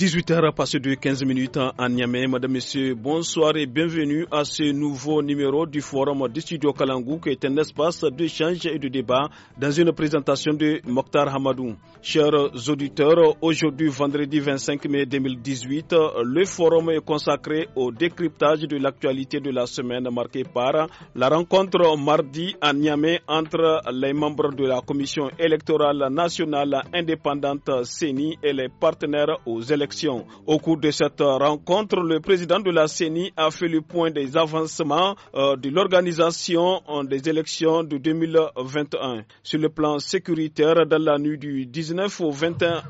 18h passé de 15 minutes à Niamey. Madame, Monsieur, bonsoir et bienvenue à ce nouveau numéro du Forum du Studio Kalangou qui est un espace d'échange et de débat dans une présentation de Mokhtar Hamadou. Chers auditeurs, aujourd'hui vendredi 25 mai 2018, le Forum est consacré au décryptage de l'actualité de la semaine marquée par la rencontre mardi à Niamey entre les membres de la Commission électorale nationale indépendante CENI et les partenaires aux élections au cours de cette euh, rencontre, le président de la CENI a fait le point des avancements euh, de l'organisation euh, des élections de 2021. Sur le plan sécuritaire, dans la nuit du 19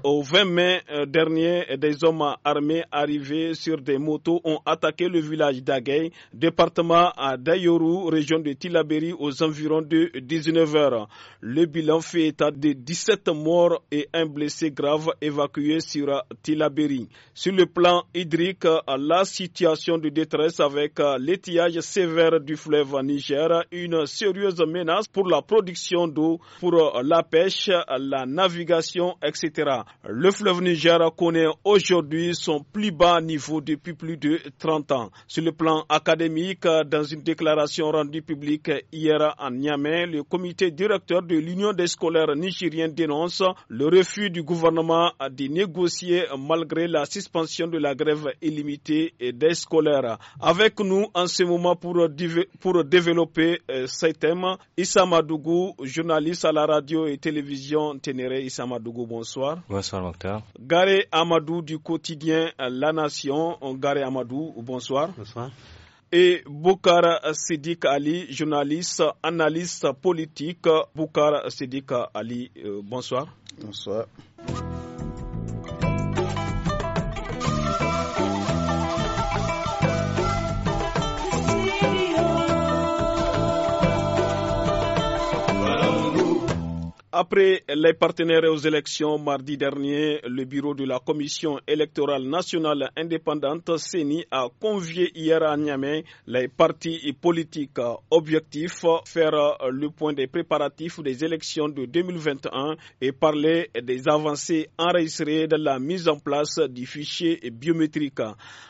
au 20 mai dernier, des hommes armés arrivés sur des motos ont attaqué le village d'Agay, département à Dayoru, région de Tilaberi, aux environs de 19 h Le bilan fait état de 17 morts et un blessé grave évacué sur Tilaberi. Sur le plan hydrique, euh, la situation de détresse avec euh, l'étiage sévère du fleuve Niger, une sérieuse menace pour la production d'eau, pour euh, la pêche, la navigation, etc. Le fleuve Niger connaît aujourd'hui son plus bas niveau depuis plus de 30 ans. Sur le plan académique, dans une déclaration rendue publique hier à Niamey, le comité directeur de l'Union des scolaires nigériens dénonce le refus du gouvernement de négocier malgré la suspension de la grève illimitée et des scolaires. Avec nous en ce moment pour, développer euh, ce thème, Issa Madougou, journaliste à la radio et télévision Ténéré. Issa Madougou, bonsoir. Bonsoir, docteur. Garé Amadou du quotidien La Nation. Garé Amadou, bonsoir. Bonsoir et Boukar Siddiq Ali, journaliste, analyste politique. Boukar Siddiq Ali, euh, bonsoir. Bonsoir. Après les partenaires aux élections mardi dernier, le bureau de la Commission électorale nationale indépendante CENI a convié hier à Niamey les partis politiques objectifs, faire le point des préparatifs des élections de 2021 et parler des avancées enregistrées de la mise en place du fichier biométrique.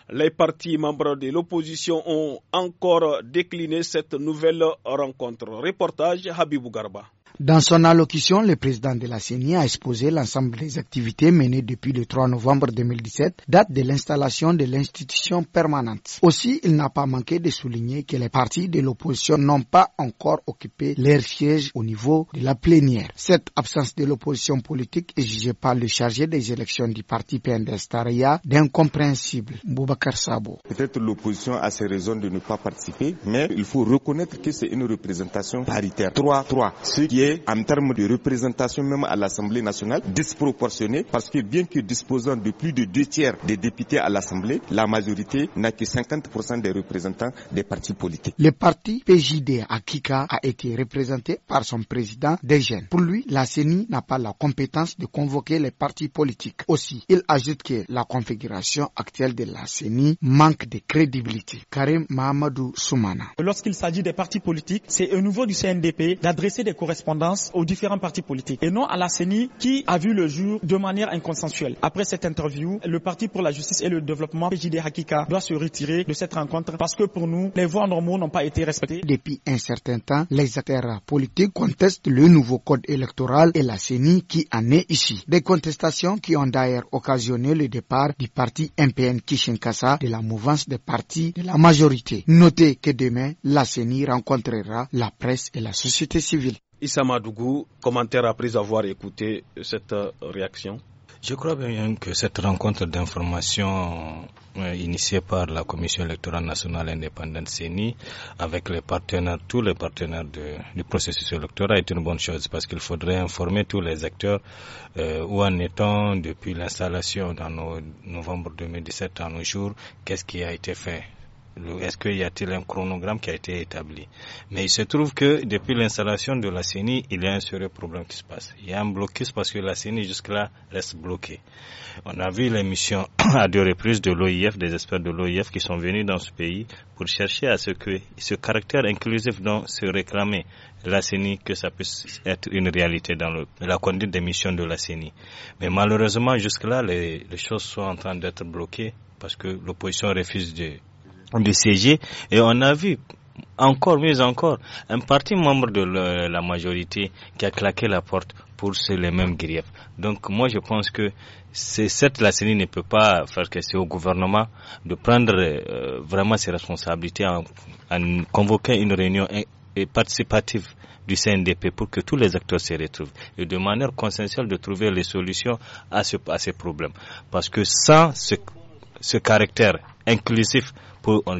Les partis membres de l'opposition ont encore décliné cette nouvelle rencontre. Reportage Habibou Garba. Dans son allocution, le président de la CENI a exposé l'ensemble des activités menées depuis le 3 novembre 2017, date de l'installation de l'institution permanente. Aussi, il n'a pas manqué de souligner que les partis de l'opposition n'ont pas encore occupé leur siège au niveau de la plénière. Cette absence de l'opposition politique est jugée par le chargé des élections du parti PNDS Taria d'incompréhensible, Boubacar Sabo. Peut-être l'opposition a ses raisons de ne pas participer, mais il faut reconnaître que c'est une représentation paritaire. 3-3, ce qui est en termes de représentation même à l'Assemblée nationale disproportionnée parce que bien que disposant de plus de deux tiers des députés à l'Assemblée, la majorité n'a que 50% des représentants des partis politiques. Le parti PJD Akika a été représenté par son président des Pour lui, la CENI n'a pas la compétence de convoquer les partis politiques. Aussi, il ajoute que la configuration actuelle de la CENI manque de crédibilité. Karim Mahamadou Soumana. Lorsqu'il s'agit des partis politiques, c'est au niveau du CNDP d'adresser des correspondants aux différents partis politiques et non à la CENI qui a vu le jour de manière inconsensuelle. Après cette interview, le Parti pour la justice et le développement, PJD Hakika, doit se retirer de cette rencontre parce que pour nous, les voies normaux n'ont pas été respectées. Depuis un certain temps, les acteurs politiques contestent le nouveau code électoral et la CENI qui en est ici. Des contestations qui ont d'ailleurs occasionné le départ du parti MPN Kishinkasa de la mouvance des partis de la majorité. Notez que demain, la CENI rencontrera la presse et la société civile. Issa Madougou, commentaire après avoir écouté cette euh, réaction. Je crois bien que cette rencontre d'information euh, initiée par la Commission électorale nationale indépendante CENI avec les partenaires, tous les partenaires du processus électoral est une bonne chose parce qu'il faudrait informer tous les acteurs euh, où en étant depuis l'installation dans nos, novembre 2017 à nos jours, qu'est-ce qui a été fait est-ce qu'il y a-t-il un chronogramme qui a été établi Mais il se trouve que depuis l'installation de la CENI, il y a un sérieux problème qui se passe. Il y a un blocus parce que la CENI jusque-là reste bloquée. On a vu les missions à deux reprises de l'OIF, des experts de l'OIF qui sont venus dans ce pays pour chercher à ce que ce caractère inclusif dont se réclamait la CENI, que ça puisse être une réalité dans la conduite des missions de la CENI. Mais malheureusement, jusque-là, les choses sont en train d'être bloquées parce que l'opposition refuse de du CG et on a vu encore mieux encore un parti membre de la majorité qui a claqué la porte pour les mêmes griefs. Donc moi je pense que cette la CENI ne peut pas faire que c'est au gouvernement de prendre euh, vraiment ses responsabilités en, en convoquant une réunion participative du CNDP pour que tous les acteurs se retrouvent et de manière consensuelle de trouver les solutions à, à ces problèmes. Parce que sans ce, ce caractère inclusif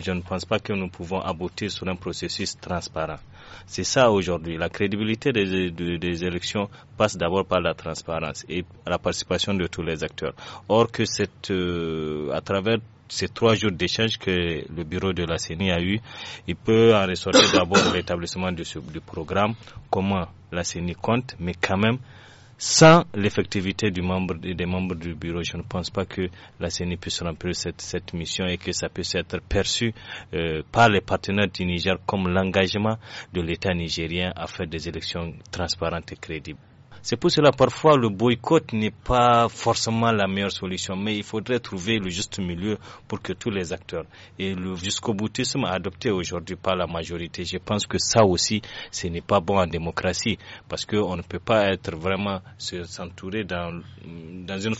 je ne pense pas que nous pouvons aboutir sur un processus transparent. C'est ça aujourd'hui. La crédibilité des, des, élections passe d'abord par la transparence et la participation de tous les acteurs. Or que c'est euh, à travers ces trois jours d'échange que le bureau de la CENI a eu, il peut en ressortir d'abord l'établissement du, du programme, comment la CENI compte, mais quand même sans l'effectivité du membre, des membres du bureau, je ne pense pas que la CENI puisse remplir cette, mission et que ça puisse être perçu euh, par les partenaires du Niger comme l'engagement de l'État nigérien à faire des élections transparentes et crédibles. C'est pour cela parfois le boycott n'est pas forcément la meilleure solution, mais il faudrait trouver le juste milieu pour que tous les acteurs et le jusqu'au boutisme adopté aujourd'hui par la majorité, je pense que ça aussi ce n'est pas bon en démocratie parce qu'on ne peut pas être vraiment s'entourer dans, une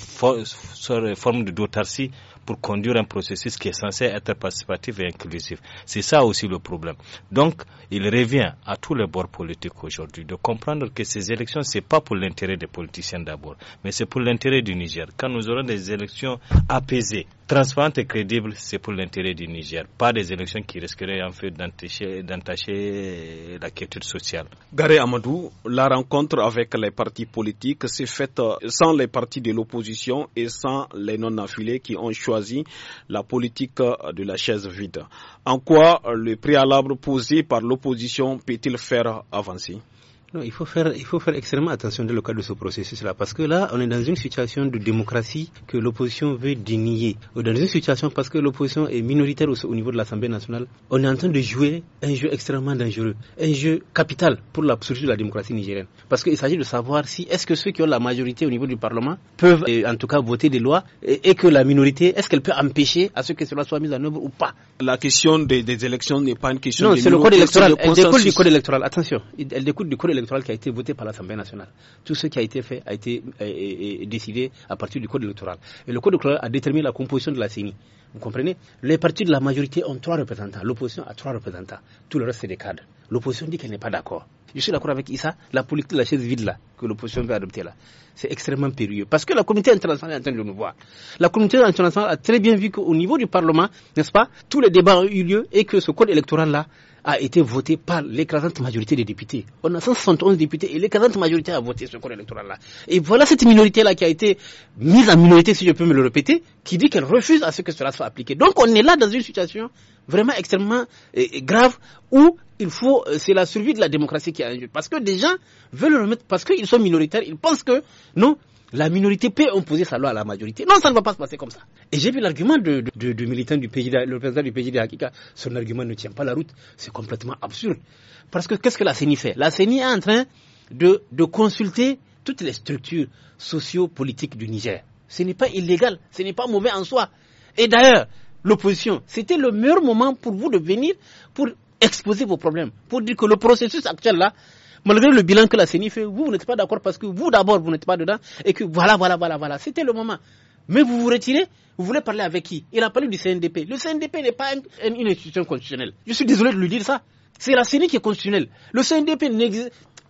forme de d'autarcie pour conduire un processus qui est censé être participatif et inclusif. C'est ça aussi le problème. Donc, il revient à tous les bords politiques aujourd'hui de comprendre que ces élections, c'est pas pour l'intérêt des politiciens d'abord, mais c'est pour l'intérêt du Niger. Quand nous aurons des élections apaisées, transparente et crédible, c'est pour l'intérêt du Niger, pas des élections qui risqueraient en fait d'entacher la quiétude sociale. Garé Amadou, la rencontre avec les partis politiques s'est faite sans les partis de l'opposition et sans les non affilés qui ont choisi la politique de la chaise vide. En quoi le préalable posé par l'opposition peut-il faire avancer non, il faut faire, il faut faire extrêmement attention dans le cadre de ce processus-là, parce que là, on est dans une situation de démocratie que l'opposition veut dénier, ou dans une situation parce que l'opposition est minoritaire au niveau de l'Assemblée nationale. On est en train de jouer un jeu extrêmement dangereux, un jeu capital pour la de la démocratie nigérienne, parce qu'il s'agit de savoir si est-ce que ceux qui ont la majorité au niveau du Parlement peuvent, en tout cas, voter des lois, et, que la minorité, est-ce qu'elle peut empêcher à ce que cela soit mis en œuvre ou pas La question des, élections n'est pas une question. Non, c'est le code électoral. Elle découle du code électoral. Attention, elle découle du code électoral qui a été voté par l'Assemblée nationale. Tout ce qui a été fait a été décidé à partir du code électoral. Et le code électoral a déterminé la composition de la CENI. Vous comprenez Les partis de la majorité ont trois représentants. L'opposition a trois représentants. Tout le reste, c'est des cadres. L'opposition dit qu'elle n'est pas d'accord. Je suis d'accord avec Issa. La politique de la chaise vide là, que l'opposition veut adopter là, c'est extrêmement périlleux. Parce que la communauté internationale est en train de nous voir. La communauté internationale a très bien vu qu'au niveau du Parlement, n'est-ce pas, tous les débats ont eu lieu et que ce code électoral là, a été voté par l'écrasante majorité des députés. On a 171 députés et l'écrasante majorité a voté ce corps électoral-là. Et voilà cette minorité-là qui a été mise en minorité, si je peux me le répéter, qui dit qu'elle refuse à ce que cela soit appliqué. Donc on est là dans une situation vraiment extrêmement euh, euh, grave où il faut, euh, c'est la survie de la démocratie qui est en jeu. Parce que des gens veulent le remettre, parce qu'ils sont minoritaires, ils pensent que non, la minorité peut imposer sa loi à la majorité. Non, ça ne va pas se passer comme ça. Et j'ai vu l'argument du militant du pays, le président du à Son argument ne tient pas la route. C'est complètement absurde. Parce que qu'est-ce que la CENI fait La CENI est en train de, consulter toutes les structures socio-politiques du Niger. Ce n'est pas illégal, ce n'est pas mauvais en soi. Et d'ailleurs, l'opposition, c'était le meilleur moment pour vous de venir pour exposer vos problèmes, pour dire que le processus actuel là, malgré le bilan que la CENI fait, vous, n'êtes pas d'accord parce que vous, d'abord, vous n'êtes pas dedans et que voilà, voilà, voilà, voilà. C'était le moment. Mais vous vous retirez, vous voulez parler avec qui Il a parlé du CNDP. Le CNDP n'est pas une, institution constitutionnelle. Je suis désolé de lui dire ça. C'est la CENI qui est constitutionnelle. Le CNDP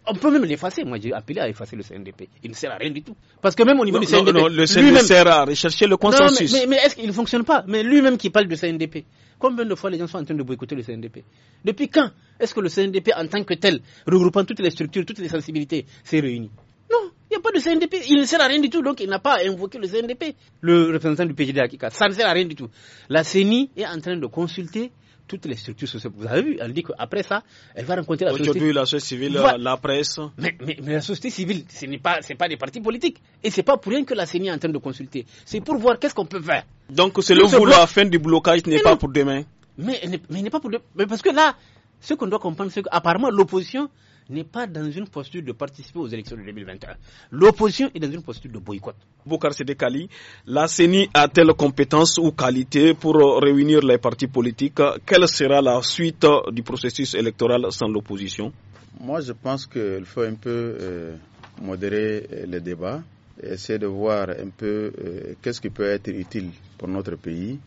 on peut même l'effacer. Moi, j'ai appelé à effacer le CNDP. Il ne sert à rien du tout. Parce que même au niveau du CNDP. Non, non, le CNDP sert à rechercher le consensus. Non, mais, est-ce qu'il ne fonctionne pas Mais lui-même qui parle du CNDP. Combien de fois les gens sont en train de boycotter le CNDP Depuis quand est-ce que le CNDP, en tant que tel, regroupant toutes les structures, toutes les sensibilités, s'est réuni Non, il n'y a pas de CNDP. Il ne sert à rien du tout, donc il n'a pas invoqué le CNDP. Le représentant du PGD Akika, ça ne sert à rien du tout. La CENI est en train de consulter toutes les structures sociales. Vous avez vu, elle dit qu'après ça, elle va rencontrer la société. Aujourd'hui, la société civile, la presse. Mais, la société civile, ce n'est pas, pas des partis politiques. Et ce n'est pas pour rien que la CENI est en train de consulter. C'est pour voir qu'est-ce qu'on peut faire. Donc, c'est le bloc... la fin du blocage n'est pas pour demain. Mais, mais, n'est pas pour demain. Mais parce que là, ce qu'on doit comprendre, c'est qu'apparemment, l'opposition, n'est pas dans une posture de participer aux élections de 2021. L'opposition est dans une posture de boycott. Boukar Kali, la CENI a-t-elle compétence ou qualité pour euh, réunir les partis politiques Quelle sera la suite euh, du processus électoral sans l'opposition Moi, je pense qu'il faut un peu euh, modérer les débats, essayer de voir un peu qu'est-ce qui peut être utile pour notre pays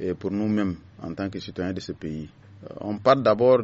et pour nous-mêmes en tant que citoyens de ce pays. On parle d'abord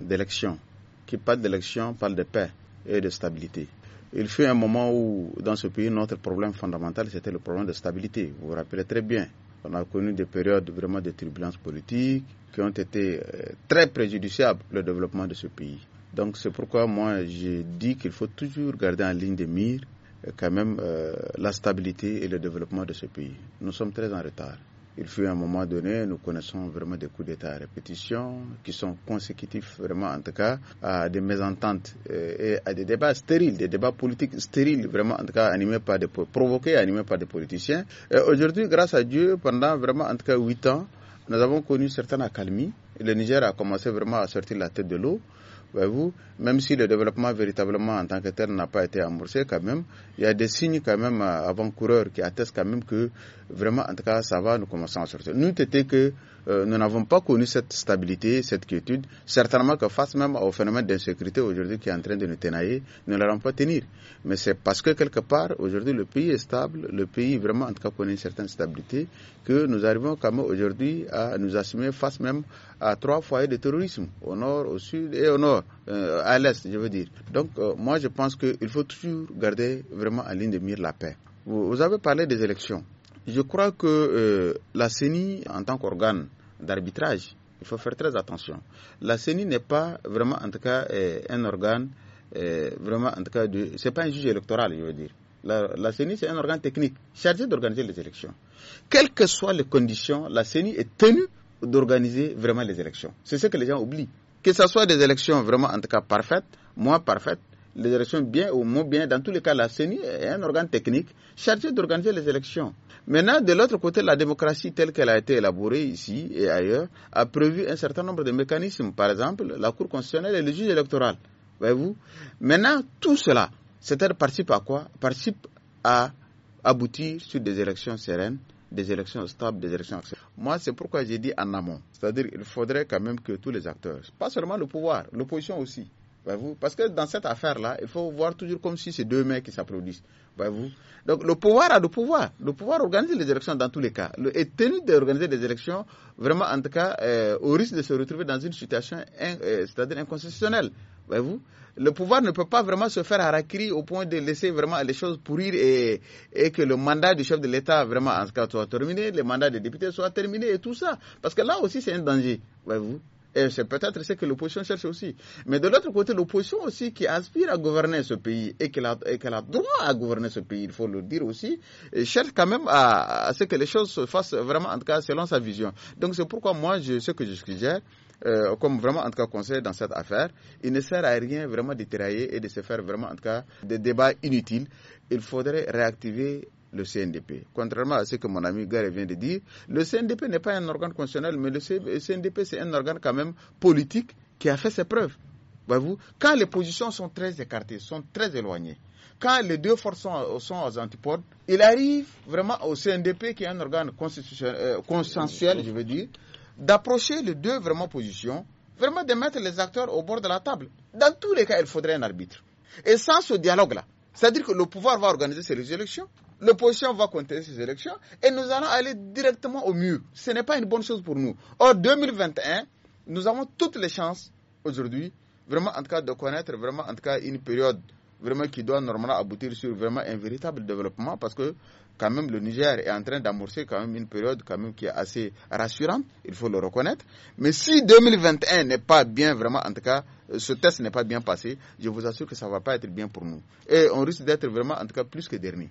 d'élections qui parle d'élection parle de paix et de stabilité. Il fut un moment où, dans ce pays, notre problème fondamental, c'était le problème de stabilité. Vous vous rappelez très bien. On a connu des périodes vraiment de turbulences politique qui ont été euh, très préjudiciables le développement de ce pays. Donc c'est pourquoi moi j'ai dit qu'il faut toujours garder en ligne de mire euh, quand même euh, la stabilité et le développement de ce pays. Nous sommes très en retard. Il fut un moment donné, nous connaissons vraiment des coups d'État à répétition qui sont consécutifs vraiment en tout cas à des mésententes euh, et à des débats stériles, des débats politiques stériles vraiment en tout cas animés par des provoqués, animés par des politiciens. Aujourd'hui, grâce à Dieu, pendant vraiment en tout cas huit ans, nous avons connu certaines accalmies. Le Niger a commencé vraiment à sortir la tête de l'eau. Bah, vous même si le développement véritablement en tant que tel n'a pas été amorcé quand même, il y a des signes quand même euh, avant-coureurs qui attestent quand même que vraiment, en tout cas, ça va, nous commençons à sortir. Nous, c'était que euh, nous n'avons pas connu cette stabilité, cette quiétude. Certainement que face même au phénomène d'insécurité aujourd'hui qui est en train de nous tenailler, nous ne l'aurons pas tenir. Mais c'est parce que quelque part, aujourd'hui, le pays est stable, le pays vraiment, en tout cas, connaît une certaine stabilité, que nous arrivons quand même aujourd'hui à nous assumer face même à trois foyers de terrorisme, au nord, au sud et au nord, euh, à l'est, je veux dire. Donc, euh, moi, je pense qu'il faut toujours garder vraiment en ligne de mire la paix. vous avez parlé des élections. Je crois que euh, la CENI, en tant qu'organe d'arbitrage, il faut faire très attention. La CENI n'est pas vraiment, en tout cas, euh, un organe, euh, vraiment, en tout cas, du c'est pas un juge électoral, je veux dire. La, la CENI, c'est un organe technique chargé d'organiser les élections. Quelles que soient les conditions, la CENI est tenue d'organiser vraiment les élections. C'est ce que les gens oublient. Que ce soit des élections vraiment, en tout cas, parfaites, moins parfaites, les élections bien ou moins bien, dans tous les cas, la CENI est un organe technique chargé d'organiser les élections. Maintenant, de l'autre côté, la démocratie telle qu'elle a été élaborée ici et ailleurs a prévu un certain nombre de mécanismes. Par exemple, la Cour constitutionnelle et le juge électoral. Voyez-vous Maintenant, tout cela, c'est-à-dire participe à quoi Participe à aboutir sur des élections sereines, des élections stables, des élections acceptables. Moi, c'est pourquoi j'ai dit en amont. C'est-à-dire qu'il faudrait quand même que tous les acteurs, pas seulement le pouvoir, l'opposition aussi, bah, vous Parce que dans cette affaire-là, il faut voir toujours comme si c'est deux mains qui s'applaudissent. Bah, vous Donc le pouvoir a le pouvoir. Le pouvoir organise les élections dans tous les cas. Le, est tenu d'organiser des élections, vraiment en tout cas, euh, au risque de se retrouver dans une situation, euh, c'est-à-dire inconstitutionnelle. Bah, vous Le pouvoir ne peut pas vraiment se faire harakiri au point de laisser vraiment les choses pourrir et, et que le mandat du chef de l'État, vraiment en ce cas, soit terminé, le mandat des députés soit terminé et tout ça. Parce que là aussi, c'est un danger. vous et c'est peut-être ce que l'opposition cherche aussi. Mais de l'autre côté, l'opposition aussi qui aspire à gouverner ce pays et qu'elle a, qu a, droit à gouverner ce pays, il faut le dire aussi, euh, cherche quand même à, à, ce que les choses se fassent vraiment, en tout cas, selon sa vision. Donc c'est pourquoi moi, je, ce que je suggère, euh, comme vraiment en tout cas conseil dans cette affaire, il ne sert à rien vraiment de et de se faire vraiment en tout cas des débats inutiles. Il faudrait réactiver le CNDP. Contrairement à ce que mon ami Gare vient de dire, le CNDP n'est pas un organe constitutionnel, mais le CNDP, c'est un organe quand même politique qui a fait ses preuves. Voyez-vous, quand les positions sont très écartées, sont très éloignées, quand les deux forces sont, aux antipodes, il arrive vraiment au CNDP, qui est un organe euh, consensuel, je veux dire, d'approcher les deux vraiment positions, vraiment de mettre les acteurs au bord de la table. Dans tous les cas, il faudrait un arbitre. Et sans ce dialogue-là, c'est-à-dire que le pouvoir va organiser ses élections, l'opposition va compter ces élections et nous allons aller directement au mur. Ce n'est pas une bonne chose pour nous. Or, 2021, nous avons toutes les chances aujourd'hui, vraiment en tout cas, de connaître vraiment en tout cas une période vraiment qui doit normalement aboutir sur vraiment un véritable développement parce que quand même le Niger est en train d'amorcer quand même une période quand même qui est assez rassurante, il faut le reconnaître. Mais si 2021 n'est pas bien vraiment en tout cas ce test n'est pas bien passé, je vous assure que ça ne va pas être bien pour nous. Et on risque d'être vraiment, en tout cas, plus que dernier.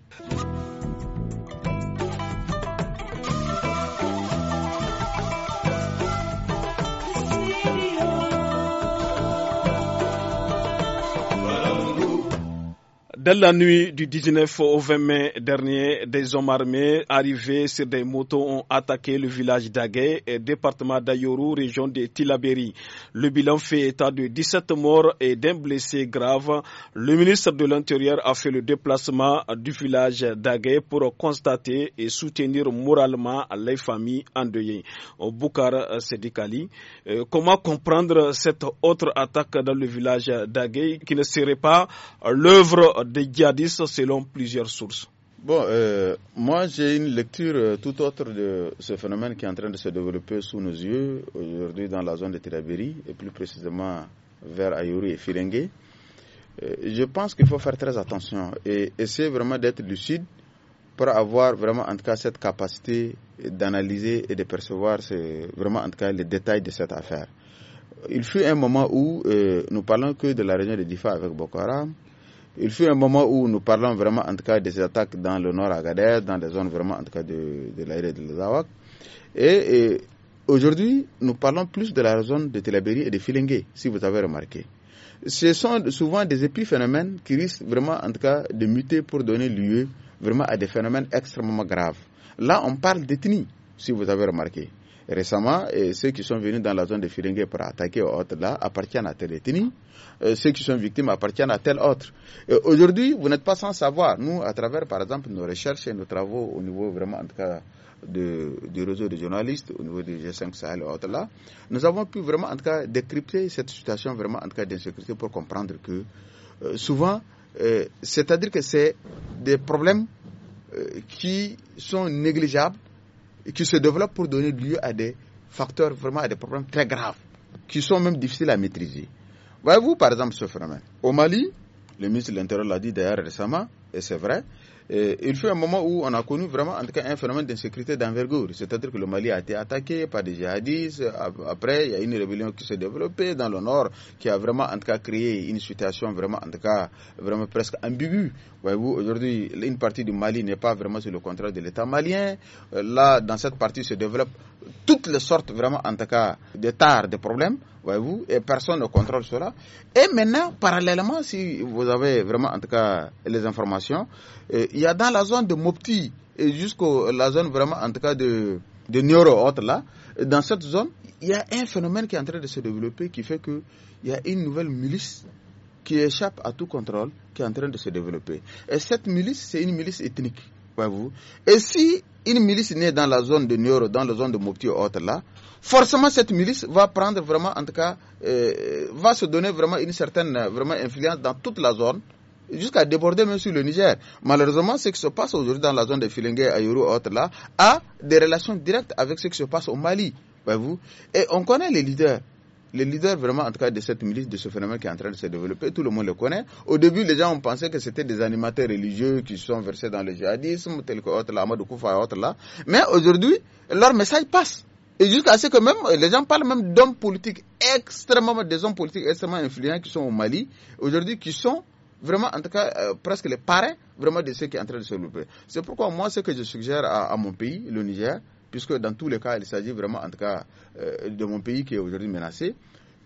Dès la nuit du 19 au 20 mai dernier, des hommes armés arrivés sur des motos ont attaqué le village d'Agué, département d'Ayoru, région de Tilaberi. Le bilan fait état de 17 morts et d'un blessé grave. Le ministre de l'Intérieur a fait le déplacement du village d'Agué pour constater et soutenir moralement les familles endeuillées. Boukar Sédikali. Euh, comment comprendre cette autre attaque dans le village d'Agué qui ne serait pas l'œuvre des djihadistes selon plusieurs sources Bon, euh, moi j'ai une lecture euh, tout autre de ce phénomène qui est en train de se développer sous nos yeux aujourd'hui dans la zone de Tirabéry et plus précisément vers Ayuri et Firengue. Euh, je pense qu'il faut faire très attention et essayer vraiment d'être lucide pour avoir vraiment en tout cas cette capacité d'analyser et de percevoir vraiment en tout cas les détails de cette affaire. Il fut un moment où nous parlons que de la région de Difa avec Boko Haram, il fut un moment où nous parlons vraiment, en tout cas, des attaques dans le nord Agadez, dans des zones vraiment, en tout cas, de, de de l'Azawak. Et, aujourd'hui, nous parlons plus de la zone de Telabéry et de Filengue, si vous avez remarqué. Ce sont souvent des épiphénomènes qui risquent vraiment, en tout cas, de muter pour donner lieu vraiment à des phénomènes extrêmement graves. Là, on parle d'ethnie, si vous avez remarqué. Récemment, et euh, ceux qui sont venus dans la zone de Firingue pour attaquer autre là appartiennent à telle ethnie. ceux qui sont victimes appartiennent à tel autre. Euh, aujourd'hui, vous n'êtes pas sans savoir. Nous, à travers, par exemple, nos recherches et nos travaux au niveau vraiment, en tout cas, du réseau de journalistes au niveau du G5 Sahel et autres là, nous avons pu vraiment en tout cas décrypter cette situation vraiment en tout cas d'insécurité pour comprendre que euh, souvent, c'est-à-dire que c'est des problèmes qui sont négligeables et qui se développent pour donner lieu à des facteurs, vraiment à des problèmes très graves, qui sont même difficiles à maîtriser. Voyez-vous, par exemple, ce phénomène. Au Mali, le ministre de l'Intérieur l'a dit d'ailleurs récemment, et c'est vrai, il fut un moment où on a connu vraiment, en tout cas, un phénomène d'insécurité d'envergure. C'est-à-dire que le Mali a été attaqué par des jihadistes. Après, il y a une rébellion qui s'est développée dans le nord, qui a vraiment, en tout cas, créé une situation vraiment, en tout cas, vraiment presque ambiguë. voyez aujourd'hui, une partie du Mali n'est pas vraiment sous le contrôle de l'État malien. Euh, là, dans cette partie se développe toutes les sortes, vraiment, en tout cas, de tares, de problèmes, voyez-vous, et personne ne contrôle cela. Et maintenant, parallèlement, si vous avez vraiment, en tout cas, les informations, euh, il y a dans la zone de Mopti et jusqu'à la zone vraiment, en tout cas, de, de Nioro, là, dans cette zone, il y a un phénomène qui est en train de se développer qui fait qu'il y a une nouvelle milice qui échappe à tout contrôle, qui est en train de se développer. Et cette milice, c'est une milice ethnique vous Et si une milice naît dans la zone de Nioro, dans la zone de Mopti ou autre là, forcément cette milice va prendre vraiment, en tout cas, euh, va se donner vraiment une certaine euh, vraiment influence dans toute la zone jusqu'à déborder même sur le Niger. Malheureusement, ce qui se passe aujourd'hui dans la zone de Filingue, Ayuru, autre là, a des relations directes avec ce qui se passe au Mali. vous Et on connaît les leaders les leaders vraiment en tout cas de cette milice, de ce phénomène qui est en train de se développer, tout le monde le connaît. Au début, les gens ont pensé que c'était des animateurs religieux qui sont versés dans le djihadisme, tel que autre là, Amadou Koufa et autres là. Mais aujourd'hui, leur message passe. Et jusqu'à ce que même, les gens parlent même d'hommes politiques extrêmement, des hommes politiques extrêmement influents qui sont au Mali, aujourd'hui, qui sont vraiment, en tout cas, euh, presque les parrains vraiment de ceux qui sont en train de se développer. C'est pourquoi moi, ce que je suggère à, à mon pays, le Niger, puisque dans tous les cas, il s'agit vraiment, en tout cas, euh, de mon pays qui est aujourd'hui menacé,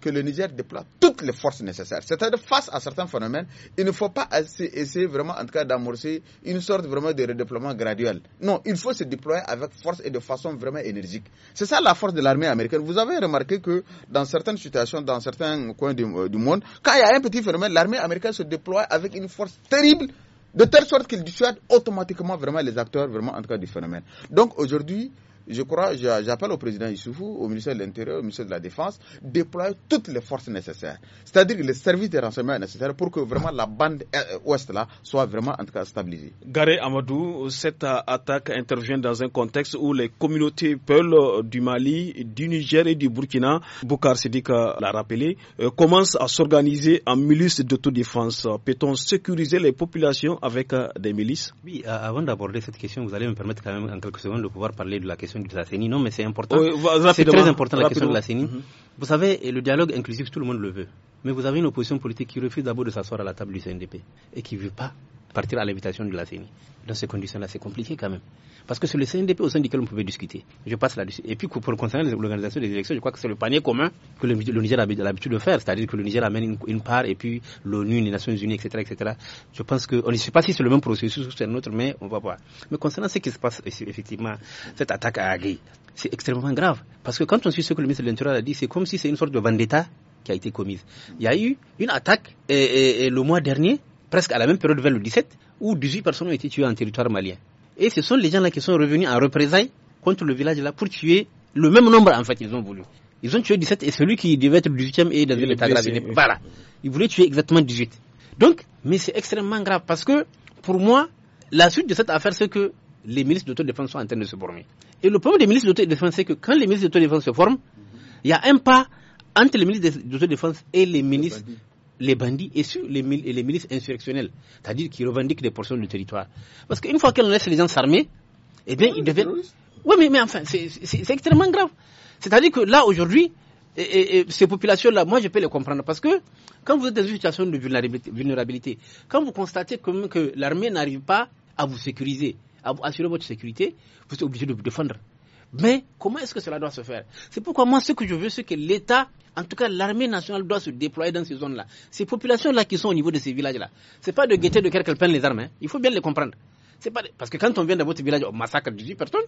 que le Niger déploie toutes les forces nécessaires. C'est-à-dire, face à certains phénomènes, il ne faut pas essayer vraiment, en tout cas, d'amorcer une sorte vraiment de redéploiement graduel. Non, il faut se déployer avec force et de façon vraiment énergique. C'est ça la force de l'armée américaine. Vous avez remarqué que dans certaines situations, dans certains coins du, euh, du monde, quand il y a un petit phénomène, l'armée américaine se déploie avec une force terrible de telle sorte qu'il dissuade automatiquement vraiment les acteurs, vraiment en tout cas du phénomène. Donc aujourd'hui, je crois, j'appelle au président Issoufou, au ministère de l'Intérieur, au ministère de la Défense, déployer toutes les forces nécessaires. C'est-à-dire les services de renseignement nécessaires pour que vraiment la bande euh, ouest soit vraiment en tout cas stabilisée. Garé Amadou, cette euh, attaque intervient dans un contexte où les communautés Peul euh, du Mali, du Niger et du Burkina, Boukar Sidika l'a rappelé, commencent à s'organiser en milices d'autodéfense. Peut-on sécuriser les populations avec des milices Oui, avant d'aborder cette question, vous allez me permettre quand même en quelques secondes de pouvoir parler de la question de non, mais c'est important. c'est très important la question de la CENI. Vous savez, eh, le dialogue inclusif, tout le monde le veut. Mais vous avez une opposition politique qui refuse d'abord de s'asseoir à la table du CNDP et qui ne veut pas partir à l'invitation de la CENI. Dans ces conditions-là, c'est compliqué quand même. Parce que c'est le CNDP au sein duquel on pouvait discuter. Je passe là-dessus. Et puis, pour concerner l'organisation des élections, je crois que c'est le panier commun que le, Niger a l'habitude de faire. C'est-à-dire que le Niger amène une, part et puis l'ONU, les Nations Unies, etc., etc. Je pense que, on ne sait pas si c'est le même processus ou c'est un autre, mais on va voir. Mais concernant ce qui se passe, effectivement, cette attaque à Agri, c'est extrêmement grave. Parce que quand on suit ce que le ministre de l'Intérieur a dit, c'est comme si c'est une sorte de vendetta qui a été commise. Il y a eu une attaque et le mois dernier presque à la même période vers le 17, où 18 personnes ont été tuées en territoire malien. Et ce sont les gens-là qui sont revenus en représailles contre le village-là pour tuer le même nombre, en fait, ils ont voulu. Ils ont tué 17 et celui qui devait être le 18e est dans un état grave. Voilà. Ils voulaient tuer exactement 18. Donc, mais c'est extrêmement grave parce que, pour moi, la suite de cette affaire, c'est que les ministres d'autodéfense sont en train de se former. Et le problème des ministres d'autodéfense, c'est que quand les ministres d'autodéfense se forment, il y a un pas entre les ministres de d'autodéfense et les ministres les bandits et sur les, les milices insurrectionnelles, c'est-à-dire qui revendiquent des portions du territoire. Parce qu'une fois qu'on laisse les gens s'armer, eh bien, ils deviennent. Oui, mais, mais enfin, c'est extrêmement grave. C'est-à-dire que là, aujourd'hui, ces populations-là, moi, je peux les comprendre parce que quand vous êtes dans une situation de vulnérabilité, quand vous constatez que, que l'armée n'arrive pas à vous sécuriser, à assurer votre sécurité, vous êtes obligé de vous défendre. Mais comment est-ce que cela doit se faire C'est pourquoi moi, ce que je veux, c'est que l'État, en tout cas l'armée nationale, doit se déployer dans ces zones-là. Ces populations-là qui sont au niveau de ces villages-là, Ce n'est pas de guetter de quelqu'un peine les armes. Hein. Il faut bien les comprendre. Parce que quand on vient dans votre village, on massacre 18 personnes,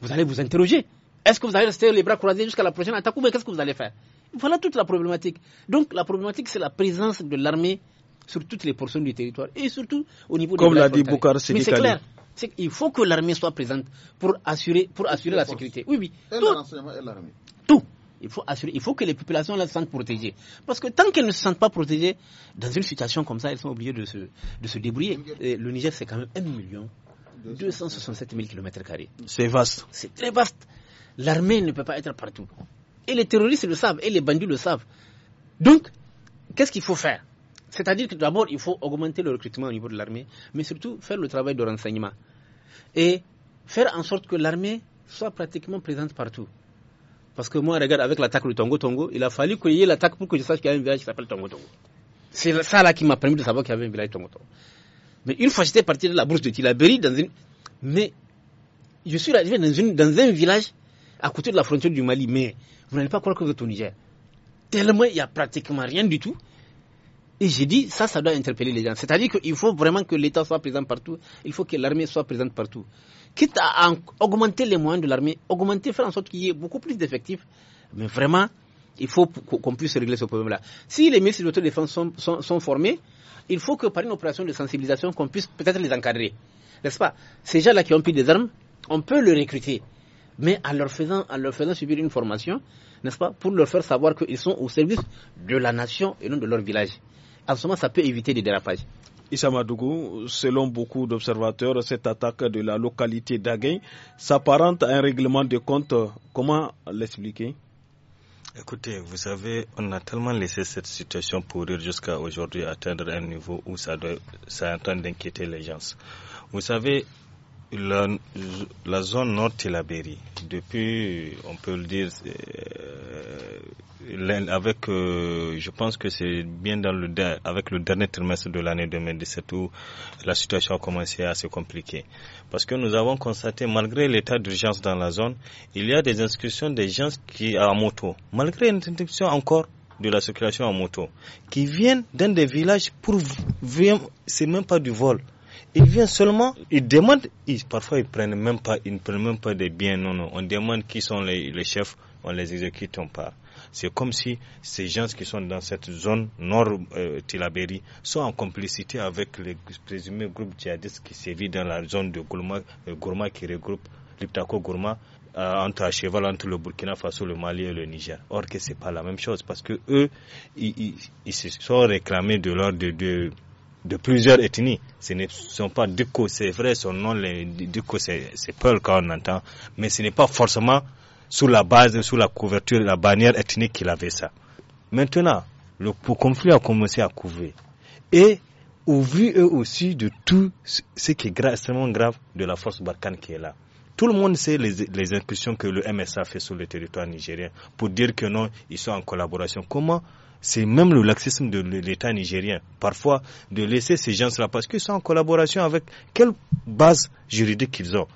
vous allez vous interroger. Est-ce que vous allez rester les bras croisés jusqu'à la prochaine attaque ou qu'est-ce que vous allez faire Voilà toute la problématique. Donc la problématique, c'est la présence de l'armée sur toutes les portions du territoire et surtout au niveau Comme l'a dit Boukar c'est clair il faut que l'armée soit présente pour assurer, pour assurer la sécurité. Oui, oui. Et tout. tout. Il faut, assurer, il faut que les populations se sentent protégées. Parce que tant qu'elles ne se sentent pas protégées, dans une situation comme ça, elles sont obligées de se, de se débrouiller. le Niger, c'est quand même 1 million 267 000 km. C'est vaste. C'est très vaste. L'armée ne peut pas être partout. Et les terroristes le savent, et les bandits le savent. Donc, qu'est-ce qu'il faut faire c'est-à-dire que d'abord, il faut augmenter le recrutement au niveau de l'armée, mais surtout faire le travail de renseignement. Et faire en sorte que l'armée soit pratiquement présente partout. Parce que moi, regarde, avec l'attaque du Tongo Tongo, il a fallu qu'il y ait l'attaque pour que je sache qu'il y a un village qui s'appelle Tongo Tongo. C'est ça là qui m'a permis de savoir qu'il y avait un village Tongo Tongo. Mais une fois j'étais parti de la bourse de Tilaberi, dans mais je suis arrivé dans, dans un village à côté de la frontière du Mali, mais vous n'allez pas croire que vous êtes au Niger. Tellement il n'y a pratiquement rien du tout. Et j'ai dit, ça, ça doit interpeller les gens. C'est-à-dire qu'il faut vraiment que l'État soit présent partout, il faut que l'armée soit présente partout. Quitte à augmenter les moyens de l'armée, augmenter, faire en sorte qu'il y ait beaucoup plus d'effectifs, mais vraiment, il faut qu'on puisse régler ce problème-là. Si les ministres de l'autodéfense sont, sont, formés, il faut que par une opération de sensibilisation, qu'on puisse peut-être les encadrer. N'est-ce pas Ces gens-là qui ont pris des armes, on peut les recruter mais en leur faisant, en leur faisant subir une formation, n'est-ce pas, pour leur faire savoir qu'ils sont au service de la nation et non de leur village en ce moment, ça peut éviter des dérapages. Issa selon beaucoup d'observateurs, cette attaque de la localité d'Aguin s'apparente à un règlement de compte. Comment l'expliquer Écoutez, vous savez, on a tellement laissé cette situation pourrir jusqu'à aujourd'hui atteindre un niveau où ça, doit, ça est en d'inquiéter les gens. Vous savez, la, zone nord Berry depuis, on peut le dire, euh, avec, euh, je pense que c'est bien dans le, avec le dernier trimestre de l'année 2017 où la situation a commencé à se compliquer. Parce que nous avons constaté, malgré l'état d'urgence dans la zone, il y a des inscriptions des gens qui, à moto. Malgré une inscription encore, de la circulation en moto, qui viennent dans des villages pour c'est même pas du vol. Il vient seulement, ils demandent, parfois ils prennent même pas, ils ne prennent même pas des biens, non, non. On demande qui sont les, chefs, on les exécute, on part. C'est comme si ces gens qui sont dans cette zone nord euh, sont en complicité avec les présumés groupes djihadistes qui sévit dans la zone de Gourma, euh, Gourma qui regroupe l'Iptako Gourma euh, entre à cheval entre le Burkina Faso, le Mali et le Niger. Or que c'est pas la même chose parce que eux ils, se sont réclamés de l'ordre de de plusieurs ethnies. Ce ne sont pas coup, c'est vrai, son nom, coup c'est Pearl quand on entend, mais ce n'est pas forcément sous la base, sous la couverture, la bannière ethnique qu'il avait ça. Maintenant, le conflit a commencé à couver Et au vu eux aussi de tout ce qui est extrêmement grave de la force Barkhane qui est là. Tout le monde sait les, les incursions que le MSA fait sur le territoire nigérien pour dire que non, ils sont en collaboration. Comment c'est même le laxisme de l'État nigérien, parfois, de laisser ces gens-là, parce qu'ils sont en collaboration avec quelle base juridique qu'ils ont.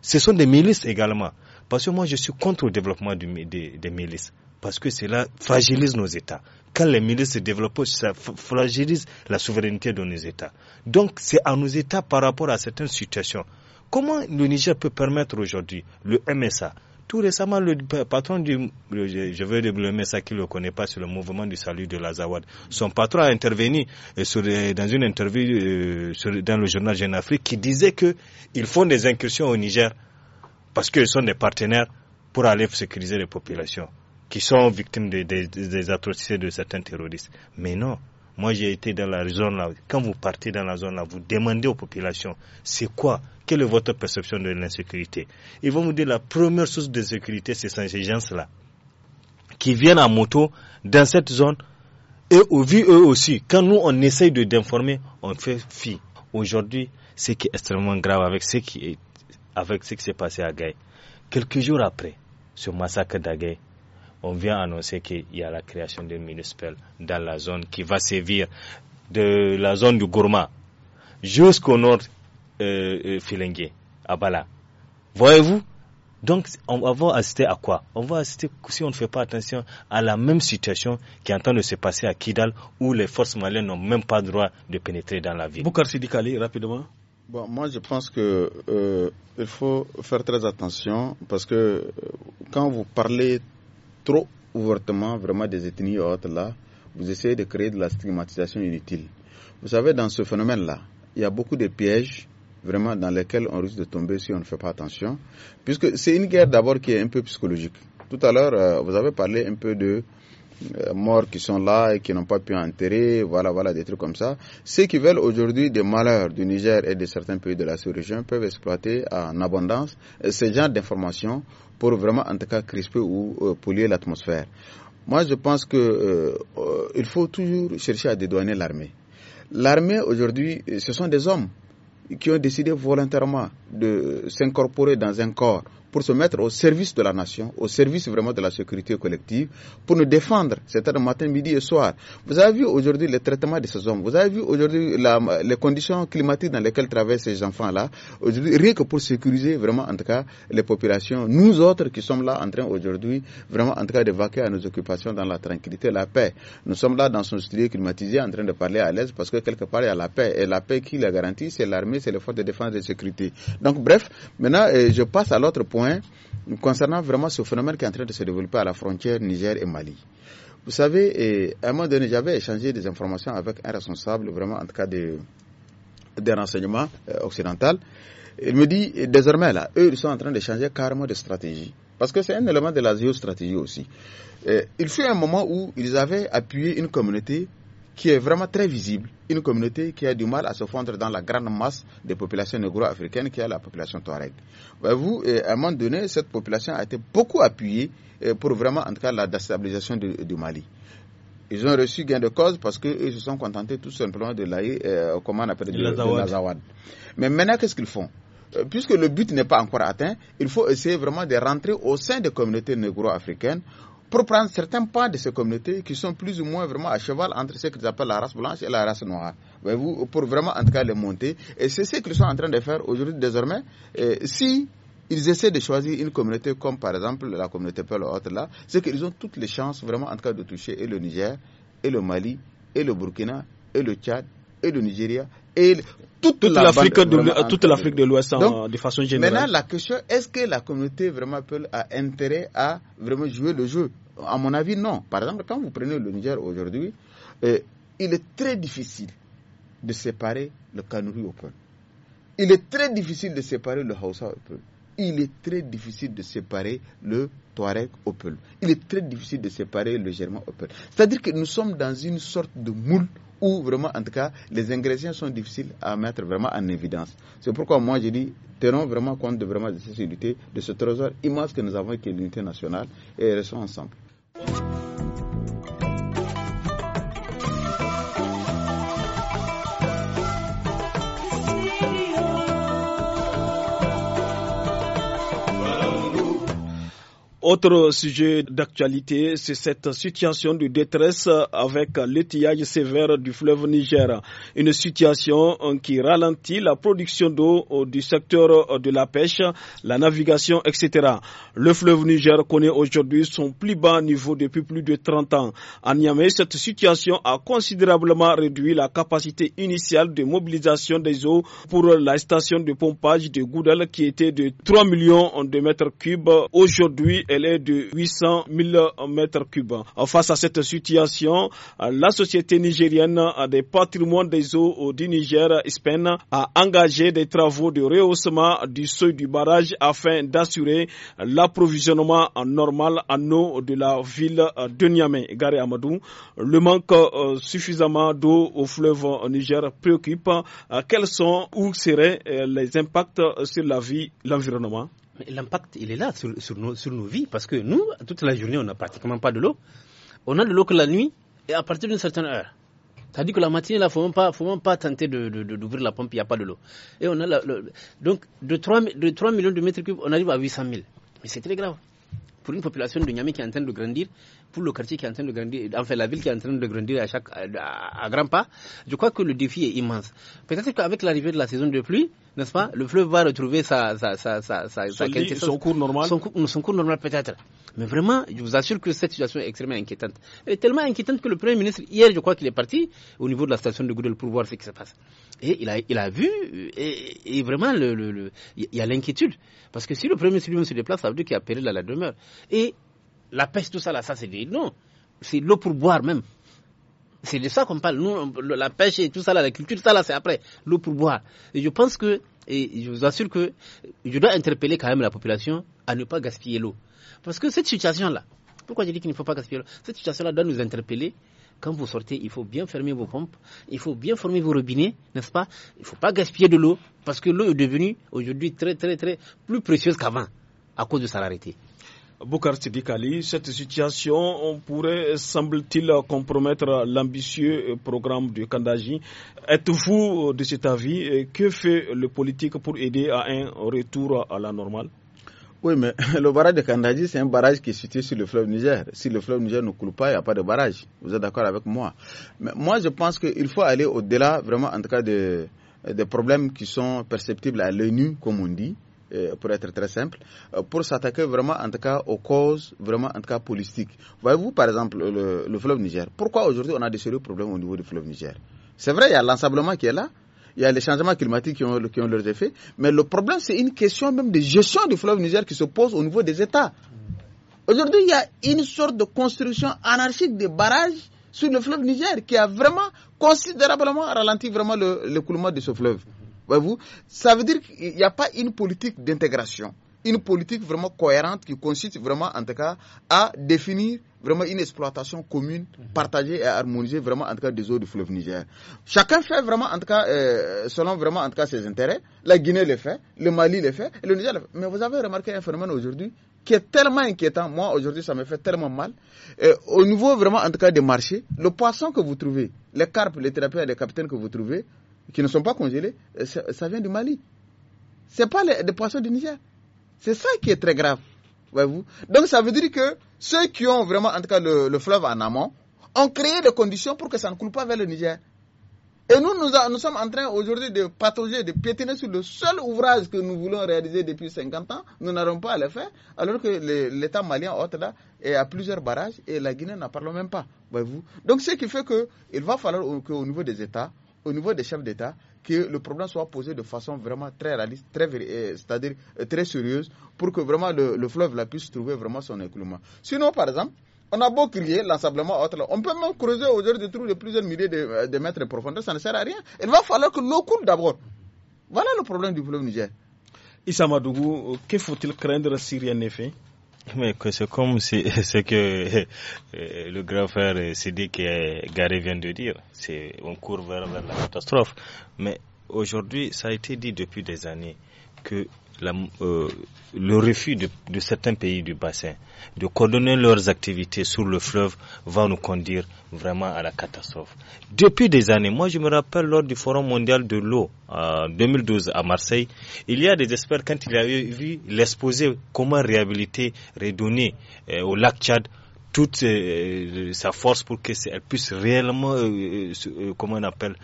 Ce sont des milices également. Parce que moi, je suis contre le développement des, milices. Parce que cela fragilise nos États. Quand les milices se développent, ça fragilise la souveraineté de nos États. Donc, c'est à nos États par rapport à certaines situations. Comment le Niger peut permettre aujourd'hui le MSA, tout récemment, le patron du, je veux blâmer ça qui le connaît pas sur le mouvement du salut de l'Azawad. Son patron a intervenu euh, sur, dans une interview euh, sur, dans le journal Jeune Afrique qui disait que ils font des incursions au Niger parce qu'ils sont des partenaires pour aller sécuriser les populations qui sont victimes des atrocités de certains terroristes. Mais non, moi, j'ai été dans la zone là. Quand vous partez dans la zone là, vous demandez aux populations, c'est quoi Quelle est votre perception de l'insécurité Ils vont vous dire la première source d'insécurité, c'est ces gens-là qui viennent en moto dans cette zone. Et au vu eux aussi, quand nous on essaye de d'informer, on fait fi. Aujourd'hui, ce qui est extrêmement grave avec ce qui avec ce qui s'est passé à Gaï. Quelques jours après ce massacre d'Agaï, on vient annoncer qu'il y a la création d'un municipal dans la zone qui va servir de la zone du Gourma jusqu'au nord euh, euh à Bala. Voyez-vous donc, on va assister à quoi On va assister, si on ne fait pas attention, à la même situation qui est en train de se passer à Kidal, où les forces maliennes n'ont même pas le droit de pénétrer dans la ville. Boukar Sidikali, rapidement. moi, je pense que euh, il faut faire très attention parce que euh, quand vous parlez trop ouvertement vraiment des ethnies et autres là, vous essayez de créer de la stigmatisation inutile. Vous savez, dans ce phénomène-là, il y a beaucoup de pièges vraiment dans lesquels on risque de tomber si on ne fait pas attention, puisque c'est une guerre d'abord qui est un peu psychologique. Tout à l'heure, euh, vous avez parlé un peu de euh, morts qui sont là et qui n'ont pas pu enterrer, voilà, voilà, des trucs comme ça. Ceux qui veulent aujourd'hui des malheurs du Niger et de certains pays de la sous-région peuvent exploiter en abondance euh, ce genre d'informations pour vraiment, en tout cas, crisper ou euh, polluer l'atmosphère. Moi, je pense que il faut toujours chercher à dédouaner l'armée. L'armée aujourd'hui, ce sont des hommes qui ont décidé volontairement de s'incorporer dans un corps pour se mettre au service de la nation, au service vraiment de la sécurité collective, pour nous défendre, c'est-à-dire matin, midi et soir. Vous avez vu aujourd'hui le traitement de ces hommes, vous avez vu aujourd'hui les conditions climatiques dans lesquelles travaillent ces enfants-là. Aujourd'hui, rien que pour sécuriser vraiment, en tout cas, les populations, nous autres qui sommes là en train aujourd'hui, vraiment en train de vaquer à nos occupations dans la tranquillité, la paix. Nous sommes là dans son studio climatisé en train de parler à l'aise parce que quelque part, il y a la paix. Et la paix qui la garantit, c'est l'armée, c'est les forces de défense et de sécurité. Donc, bref, maintenant, euh, je passe à l'autre point concernant vraiment ce phénomène qui est en train de se développer à la frontière Niger et Mali. Vous savez, à un moment donné, j'avais échangé des informations avec un responsable, vraiment en tout cas des de renseignements euh, Il me dit, désormais là, eux, ils sont en train d'échanger carrément de stratégie. Parce que c'est un élément de la géostratégie aussi. Euh, il fut un moment où ils avaient appuyé une communauté qui est vraiment très visible, une communauté qui a du mal à se fondre dans la grande masse des populations négro-africaines qui est la population Touareg. Vous, à un moment donné, cette population a été beaucoup appuyée pour vraiment, en tout cas, la déstabilisation du, Mali. Ils ont reçu gain de cause parce qu'ils se sont contentés tout simplement de la, euh, comment on appelle, de, de l'Azawad. Mais maintenant, qu'est-ce qu'ils font euh, puisque le but n'est pas encore atteint, il faut essayer vraiment de rentrer au sein des communautés négro-africaines pour prendre certains pas de ces communautés qui sont plus ou moins vraiment à cheval entre ce qu'ils appellent la race blanche et la race noire. Vous, pour vraiment en tout cas les monter. Et c'est ce qu'ils sont en train de faire aujourd'hui désormais. Et si ils essaient de choisir une communauté comme par exemple la communauté Peul autre là, c'est qu'ils ont toutes les chances vraiment en tout cas de toucher et le Niger, et le Mali, et le Burkina, et le Tchad, et le Nigeria, et toute, l'Afrique de l'Ouest de façon générale. Maintenant, la question, est-ce que la communauté vraiment a intérêt à vraiment jouer le jeu À mon avis, non. Par exemple, quand vous prenez le Niger aujourd'hui, euh, il est très difficile de séparer le Kanuri au Il est très difficile de séparer le Hausa au Il est très difficile de séparer le Touareg au Il est très difficile de séparer le Germain au C'est-à-dire que nous sommes dans une sorte de moule ou vraiment, en tout cas, les ingrédients sont difficiles à mettre vraiment en évidence. C'est pourquoi moi, je dis, tenons vraiment compte de, vraiment de cette unité, de ce trésor immense que nous avons, qui est l'unité nationale, et restons ensemble. Autre sujet d'actualité, c'est cette situation de détresse avec l'étillage sévère du fleuve Niger. Une situation qui ralentit la production d'eau euh, du secteur euh, de la pêche, la navigation, etc. Le fleuve Niger connaît aujourd'hui son plus bas niveau depuis plus de 30 ans. En Niamey, cette situation a considérablement réduit la capacité initiale de mobilisation des eaux pour la station de pompage de Goudel qui était de 3 millions de mètres cubes. Aujourd'hui, de 800 000 mètres cubes. Face à cette situation, la société nigérienne des patrimoines des eaux du Niger, espagne a engagé des travaux de rehaussement du seuil du barrage afin d'assurer l'approvisionnement normal en eau de la ville de Niamey. Gare Amadou, le manque euh, suffisamment d'eau au fleuve Niger préoccupe. Euh, quels sont ou seraient euh, les impacts sur la vie, l'environnement? l'impact, il est là sur, sur, nos, vies, parce que nous, toute la journée, on n'a pratiquement pas de l'eau. On a de l'eau que la nuit, et à partir d'une certaine heure. C'est-à-dire que la matinée, là, il ne faut, même pas, faut pas tenter d'ouvrir de, la pompe, il n'y a pas de l'eau. Et on a donc, de 3, de 3 millions de mètres cubes, on arrive à 800 000. Mais c'est très grave pour une population de Niamey qui est en train de grandir, pour le quartier qui est en train de grandir, enfin la ville qui est en train de grandir à chaque à, à grands pas, je crois que le défi est immense. Peut-être qu'avec l'arrivée de la saison de pluie, n'est-ce pas, le fleuve va retrouver sa, sa, son, cours normal, son cours normal peut-être. Mais vraiment, je vous assure que cette situation est extrêmement inquiétante. Elle est tellement inquiétante que le Premier ministre, hier, je crois qu'il est parti au niveau de la station de Goudel pour voir ce qui se passe. Et il a, il a vu, et, vraiment, il y a l'inquiétude. Parce que si le Premier ministre lui-même se déplace, ça veut dire qu'il a péril à la demeure. Et la pêche, tout ça, là, ça, c'est des... Non, c'est l'eau pour boire même. C'est de ça qu'on parle. Nous, la pêche et tout ça, là, la culture, ça, là, c'est après. L'eau pour boire. Et je pense que, et je vous assure que, je dois interpeller quand même la population à ne pas gaspiller l'eau. Parce que cette situation-là, pourquoi je dis qu'il ne faut pas gaspiller Cette situation-là doit nous interpeller. Quand vous sortez, il faut bien fermer vos pompes, il faut bien fermer vos robinets, n'est-ce pas Il ne faut pas gaspiller de l'eau, parce que l'eau est devenue aujourd'hui très, très, très plus précieuse qu'avant, à cause de sa rareté. Boukar Sidikali, cette situation pourrait, semble-t-il, compromettre l'ambitieux programme du Kandaji. Êtes-vous de cet avis Que fait le politique pour aider à un retour à la normale oui, mais le barrage de Kandaji, c'est un barrage qui est situé sur le fleuve Niger. Si le fleuve Niger ne coule pas, il n'y a pas de barrage. Vous êtes d'accord avec moi Mais moi, je pense qu'il faut aller au-delà, vraiment, en tout cas, des problèmes qui sont perceptibles à l'œil nu, comme on dit, euh, pour être très simple, euh, pour s'attaquer vraiment, en tout cas, aux causes, vraiment, en tout cas, politiques. Voyez-vous, par exemple, le, fleuve Niger. Pourquoi aujourd'hui on a des sérieux problèmes au niveau du fleuve Niger C'est vrai, il y a l'ensablement qui est là, il y a les changements climatiques qui ont, leurs effets, mais le problème, c'est une question même de gestion du fleuve Niger qui se pose au niveau des États. Aujourd'hui, il y a une sorte de construction anarchique de barrages sur le fleuve Niger qui a vraiment considérablement ralenti vraiment l'écoulement de ce fleuve. Voyez-vous, ça veut dire qu'il n'y a pas une politique d'intégration une politique vraiment cohérente qui consiste vraiment, en tout cas, à définir vraiment une exploitation commune, mhm. partagée et harmonisée vraiment, en tout cas, des eaux du fleuve Niger. Chacun fait vraiment, en tout cas, euh, selon vraiment, en tout cas, ses intérêts. La Guinée le fait, le Mali le fait, le Niger le fait. Mais vous avez remarqué un phénomène aujourd'hui qui est tellement inquiétant. Moi, aujourd'hui, ça me fait tellement mal. Euh, au niveau vraiment, en tout cas, des marchés, le poisson que vous trouvez, les carpes, les thérapeutes, les capitaines que vous trouvez, qui ne sont pas congelés, euh, ça, vient du Mali. c'est pas des poissons du Niger. C'est ça qui est très grave. Voyez-vous Donc ça veut dire que ceux qui ont vraiment, en tout cas, le, fleuve en amont, ont créé des conditions pour que ça ne coule pas vers le Niger. Et nous, nous, sommes en train aujourd'hui de patauger, de piétiner sur le seul ouvrage que nous voulons réaliser depuis 50 ans. Nous n'aurons pas à le faire, alors que l'État malien, haute là, est à plusieurs barrages et la Guinée n'en parle même pas. Voyez-vous Donc, ce qui fait qu'il va falloir qu'au niveau des États, au niveau des chefs d'État, que le problème soit posé de façon vraiment très réaliste, très, euh, c'est-à-dire euh, très sérieuse, pour que vraiment le, fleuve puisse trouver vraiment son écoulement. Sinon, par exemple, on a beau crier l'ensemblement, autre, on peut même creuser aux heures de trous de plusieurs milliers de, euh, de mètres de profondeur, ça ne sert à rien. Il va falloir que l'eau coule d'abord. Voilà le problème du fleuve Niger. Issa Madougou, que faut-il craindre si rien n'est fait mais que c'est comme c'est ce que euh, le grand frère euh, Sidik Garé vient de dire. C'est on court vers la catastrophe. Mais aujourd'hui, ça a été dit depuis des années que euh, le refus de, certains pays du bassin de coordonner leurs activités sur le fleuve va nous conduire vraiment à la catastrophe. Depuis des années, moi je me rappelle lors du Forum mondial de l'eau en euh, 2012 à Marseille, il y a des experts quand il avaient vu l'exposé comment réhabiliter, redonner euh, au lac Tchad toute sa force pour qu'elle puisse réellement, comment on appelle,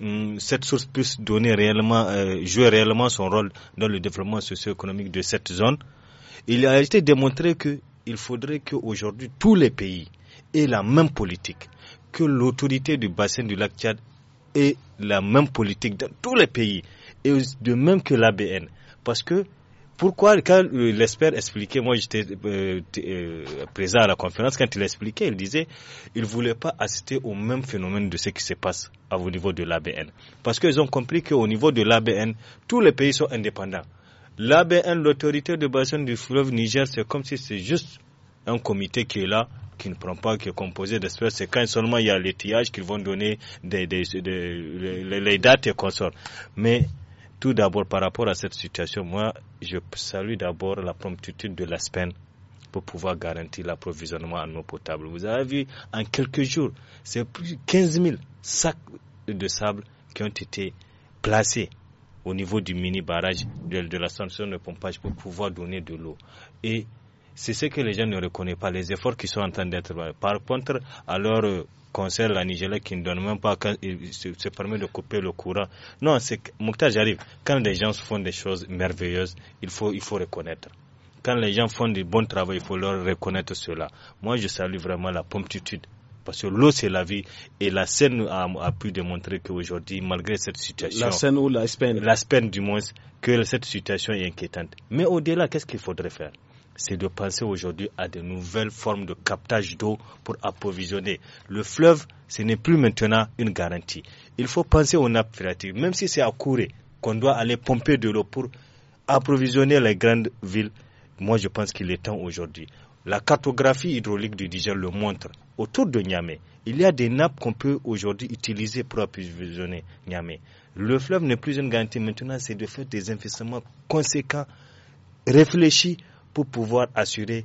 Hmm, cette source puisse donner réellement, euh, jouer réellement son rôle dans le développement socio-économique de cette zone, il a été démontré qu'il faudrait qu'aujourd'hui tous les pays aient la même politique, que l'autorité du bassin du lac Tchad ait la même politique dans tous les pays, et de même que l'ABN. Parce que pourquoi, quand euh, l'espère expliquait, moi j'étais euh, euh, présent à la conférence, quand il expliquait, il disait il voulait pas assister au même phénomène de ce qui se passe au niveau de l'ABN. Parce qu'ils ont compris qu'au niveau de l'ABN, tous les pays sont indépendants. L'ABN, l'autorité de bassin du fleuve Niger, c'est comme si c'est juste un comité qui est là, qui ne prend pas, qui est composé d'espèces. C'est quand seulement il y a l'étiage qu'ils vont donner des, des, des, les, les dates et consorts. Mais tout d'abord, par rapport à cette situation, moi, je salue d'abord la promptitude de l'ASPEN pour pouvoir garantir l'approvisionnement en eau potable. Vous avez vu, en quelques jours, c'est plus de 15 000 sacs de sable qui ont été placés au niveau du mini barrage de, de la station de pompage pour pouvoir donner de l'eau c'est ce que les gens ne reconnaissent pas, les efforts qui sont en train d'être. Par contre, à leur concert, la Nigeria qui ne donne même pas qui se permet de couper le courant. Non, c'est Mokhtar, j'arrive. Quand les gens font des choses merveilleuses, il faut, il faut reconnaître. Quand les gens font du bon travail, il faut leur reconnaître cela. Moi, je salue vraiment la promptitude parce que l'eau, c'est la vie. Et la scène a, pu démontrer qu'aujourd'hui, malgré cette situation. La scène ou la spène La du moins, que cette situation est inquiétante. Mais au-delà, qu'est-ce qu'il faudrait faire c'est de penser aujourd'hui à de nouvelles formes de captage d'eau pour approvisionner. Le fleuve, ce n'est plus maintenant une garantie. Il faut penser aux nappes phréatiques, même si c'est à courir qu'on doit aller pomper de l'eau pour approvisionner les grandes villes. Moi, je pense qu'il est temps aujourd'hui. La cartographie hydraulique du Niger le montre. Autour de Niamey, il y a des nappes qu'on peut aujourd'hui utiliser pour approvisionner Niamey. Le fleuve n'est plus une garantie maintenant, c'est de faire des investissements conséquents, réfléchis pour pouvoir assurer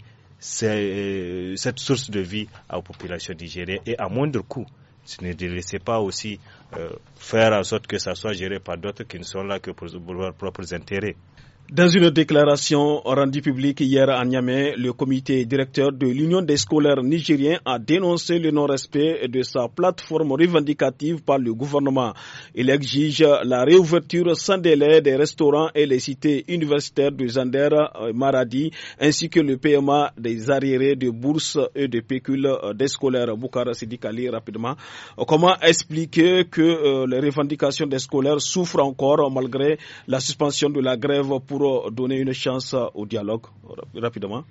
euh, cette source de vie aux populations digérées. et à moindre coût. Ne laissez pas aussi euh, faire en sorte que ça soit géré par d'autres qui ne sont là que pour, pour leurs propres intérêts. Dans une déclaration rendue publique hier à Niamey, le comité directeur de l'Union des scolaires nigériens a dénoncé le non-respect de sa plateforme revendicative par le gouvernement. Il exige la réouverture sans délai des restaurants et les cités universitaires de Zander euh, Maradi, ainsi que le paiement des arriérés de bourses et de pécules euh, des scolaires. Boukara Sidikali, rapidement. Comment expliquer que euh, les revendications des scolaires souffrent encore malgré la suspension de la grève pour pour euh, donner une chance euh, au dialogue euh, rapidement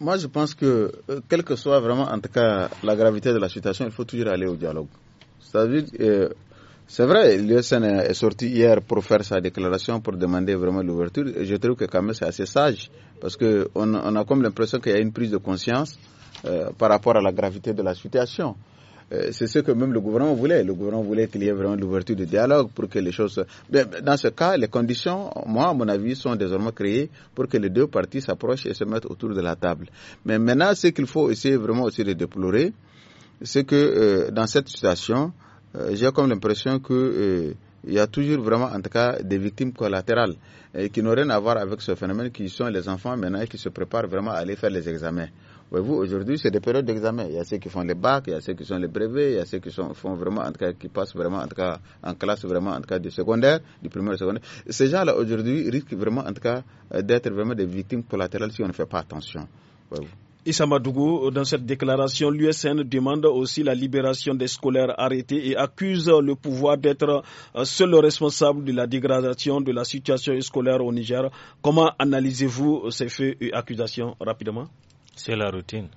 Moi, je pense que, quel que soit vraiment, en tout cas, la gravité de la situation, il faut toujours aller au dialogue. cest vrai, l'USN est sorti hier pour faire sa déclaration, pour demander vraiment l'ouverture. Je trouve que quand même c'est assez sage, parce qu'on on a comme l'impression qu'il y a une prise de conscience par rapport à la gravité de la situation. Euh, c'est ce que même le gouvernement voulait. Le gouvernement voulait qu'il y ait vraiment l'ouverture du dialogue pour que les choses. dans ce cas, les conditions, moi, à mon avis, sont désormais créées pour que les deux parties s'approchent et se mettent autour de la table. Mais maintenant, ce qu'il faut essayer vraiment aussi de déplorer, c'est que euh, dans cette situation, euh, j'ai comme l'impression que il y a toujours vraiment, en tout cas, des victimes collatérales qui n'ont rien à voir avec ce phénomène, qui sont les enfants maintenant qui se préparent vraiment à aller faire les examens vous aujourd'hui, c'est des périodes d'examen. Il y a ceux qui font les bacs, il y a ceux qui sont les brevets, il y a ceux qui font vraiment, en cas, qui passent vraiment, en cas, en classe vraiment, en tout cas, du secondaire, du premier au secondaire. Ces gens-là, aujourd'hui, risquent vraiment, en tout cas, euh, d'être vraiment des victimes collatérales si on ne fait pas attention. Issa Madougou, dans cette déclaration, l'USN demande aussi la libération des scolaires arrêtés et accuse le pouvoir d'être euh, seul responsable de la dégradation de la situation scolaire au Niger. Comment analysez-vous ces faits et accusations rapidement c'est la routine.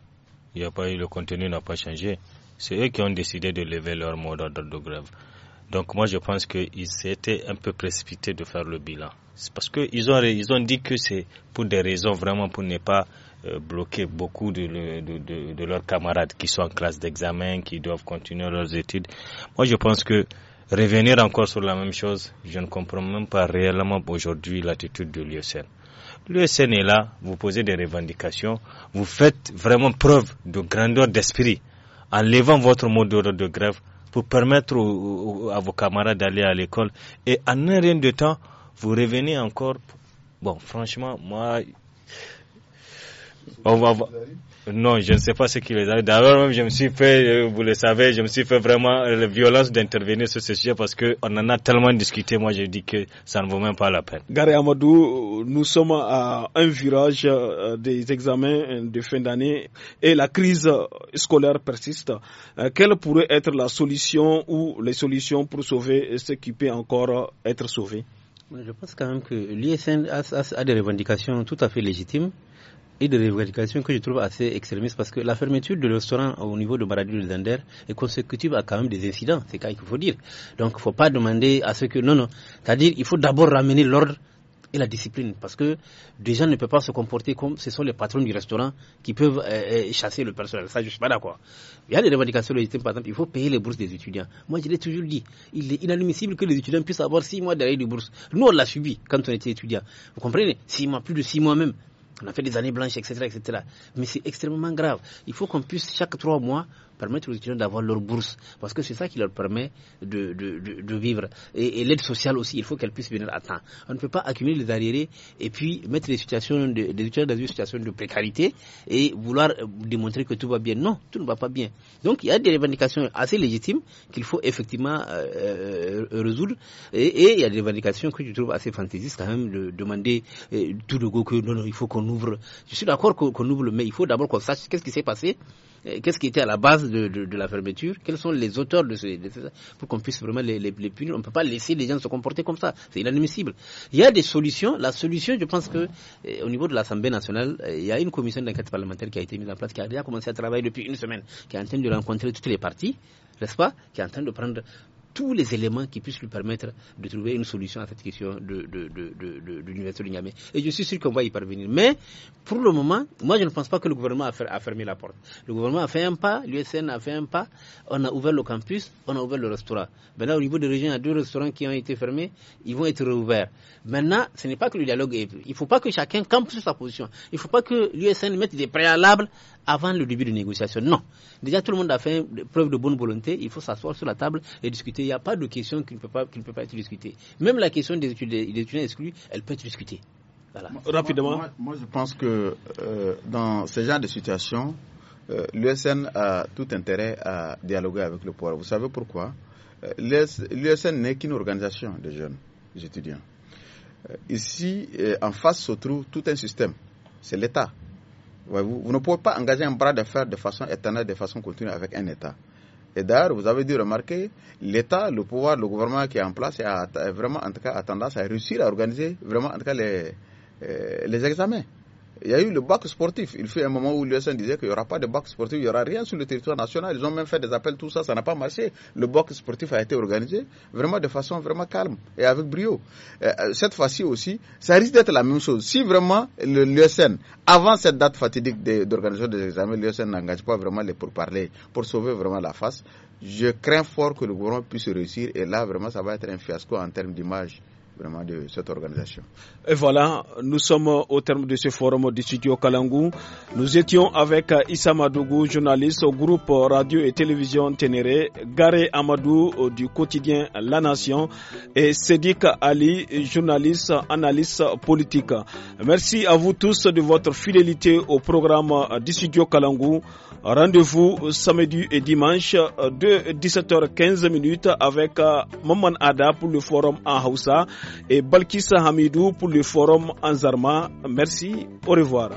Il n'y a pas eu, le contenu n'a pas changé. C'est eux qui ont décidé de lever leur mot d'ordre de grève. Donc moi je pense qu'ils étaient un peu précipités de faire le bilan. C'est parce qu'ils ont, ils ont dit que c'est pour des raisons vraiment pour ne pas euh, bloquer beaucoup de, de, de, leurs camarades qui sont en classe d'examen, qui doivent continuer leurs études. Moi je pense que revenir encore sur la même chose, je ne comprends même pas réellement aujourd'hui l'attitude de l'IOCN. Le SN est là, vous posez des revendications, vous faites vraiment preuve de grandeur d'esprit en levant votre mot d'ordre de grève pour permettre à vos camarades d'aller à l'école. Et en un rien de temps, vous revenez encore. Bon, franchement, moi, on va voir. Non, je ne sais pas ce qui les a. D'ailleurs, je me suis fait, euh, vous le savez, je me suis fait vraiment euh, la violence d'intervenir sur ce sujet parce qu'on en a tellement discuté. Moi, je dis que ça ne vaut même pas la peine. Gary Amadou, nous sommes à un virage euh, des examens de fin d'année et la crise scolaire persiste. Quelle pourrait être la solution ou les solutions pour sauver ce qui peut encore être sauvé? Je pense quand même que l'ISN a des revendications tout à fait légitimes et de revendications que je trouve assez extrémistes parce que la fermeture de restaurant au niveau de Maradou de Zander est consécutive à quand même des incidents, c'est quand qu'il faut dire. Donc il ne faut pas demander à ce que... Non, non. C'est-à-dire il faut d'abord ramener l'ordre et la discipline parce que des gens ne peuvent pas se comporter comme ce sont les patrons du restaurant qui peuvent euh, euh, chasser le personnel. Ça, je ne suis pas d'accord. Il y a des revendications légitimes, par exemple, il faut payer les bourses des étudiants. Moi, je l'ai toujours dit, il est inadmissible que les étudiants puissent avoir six mois d'arrêt de bourse. Nous, on l'a subi quand on était étudiant. Vous comprenez Six mois, plus de six mois même on a fait des années blanches, etc. etc. Mais c'est extrêmement grave. Il faut qu'on puisse chaque trois mois permettre aux étudiants d'avoir leur bourse, parce que c'est ça qui leur permet de, de, vivre. Et, l'aide sociale aussi, il faut qu'elle puisse venir à temps. On ne peut pas accumuler les arriérés et puis mettre les situations de, étudiants dans une situation de précarité et vouloir euh, démontrer que tout va bien. Non, tout ne va pas bien. Donc il y a des revendications assez légitimes qu'il faut effectivement euh, euh, résoudre et, il y a des revendications que je trouve assez fantaisistes quand même de demander tout de go que non, non il faut qu'on ouvre. Je suis d'accord qu'on ouvre, mais il faut d'abord qu'on sache qu'est-ce qui s'est passé, qu'est-ce qui était à la base de, la fermeture, quels sont les auteurs de, ces, pour qu'on puisse vraiment les, punir. On ne peut pas laisser les gens se comporter comme ça, c'est inadmissible. Il y a des solutions. La solution, je pense que eh, au niveau de l'Assemblée nationale, eh, il y a une commission d'enquête parlementaire qui a été mise en place, qui a déjà commencé à travailler depuis une semaine, qui est en train de rencontrer toutes les parties, n'est-ce pas, qui est en train de prendre tous les éléments qui puissent lui permettre de trouver une solution à cette question de, l'université de Niamey. Et je suis sûr qu'on va y parvenir. Mais pour le moment, moi je ne pense pas que le gouvernement a, fermé la porte. Le gouvernement a fait un pas, l'USN a fait un pas, on a ouvert le campus, on a ouvert le restaurant. Maintenant au niveau des régions, il y a deux restaurants qui ont été fermés, ils vont être rouverts. Maintenant, ce n'est pas que le dialogue est... Il ne faut pas que chacun campe sur sa position. Il ne faut pas que l'USN mette des préalables avant le début de négociation. Non. Déjà, tout le monde a fait preuve de bonne volonté. Il faut s'asseoir sur la table et discuter. Il n'y a pas de question qui ne peut pas, être discutée. Même la question des étudiants, exclus, elle peut être discutée. Rapidement. Moi, je pense que euh, dans ce genre de situation, euh, l'USN a tout intérêt à dialoguer avec le pouvoir. Vous savez pourquoi euh, L'USN n'est qu'une organisation de jeunes étudiants. ici, en face se trouve tout un système. C'est l'État vous, ne pouvez pas engager un bras de de façon éternelle, de façon continue avec un État. Et d'ailleurs, vous avez dû remarquer, l'État, le pouvoir, le gouvernement qui est en place a vraiment, en cas, tendance à réussir à organiser vraiment, en cas, les euh, examens. Il y a eu le bac sportif. Il fut un moment où l'USN disait qu'il n'y aura pas de bac sportif, il n'y aura rien sur le territoire national. Ils ont même fait des appels, tout ça, ça n'a pas marché. Le bac sportif a été organisé vraiment de façon vraiment calme et avec brio. Euh, euh, cette fois-ci aussi, ça risque d'être la même chose. Si vraiment l'USN, avant cette date fatidique d'organisation des examens, l'USN n'engage pas vraiment les pourparlers pour sauver vraiment la face, je crains fort que le gouvernement puisse réussir et là, vraiment, ça va être un fiasco en termes d'image de cette organisation. Et voilà, nous sommes au terme de ce forum du studio Kalangou. Nous étions avec Issa Madougou, journaliste au groupe Radio et Télévision Ténéré, Garé Amadou euh, du quotidien La Nation et Sédic Ali, journaliste, analyste politique. Merci à vous tous de votre fidélité au programme du studio Kalangou. Rendez-vous samedi et dimanche de 17h15 minutes avec Maman Ada pour le forum en Hausa et Balkissa Hamidou pour le forum Anzarma. Merci, au revoir.